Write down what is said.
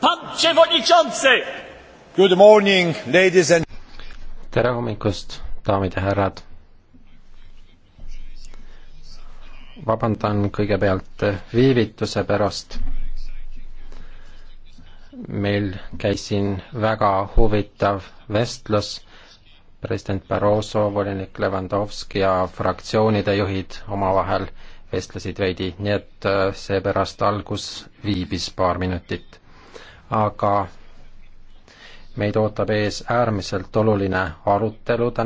Pan Przewodniczący! Good morning, ladies and... tere hommikust, daamid ja härrad! vabandan kõigepealt viivituse pärast. meil käis siin väga huvitav vestlus president Barroso, volinik Levandovski ja fraktsioonide juhid omavahel vestlesid veidi, nii et äh, seepärast algus viibis paar minutit. aga meid ootab ees äärmiselt oluline arutelu täna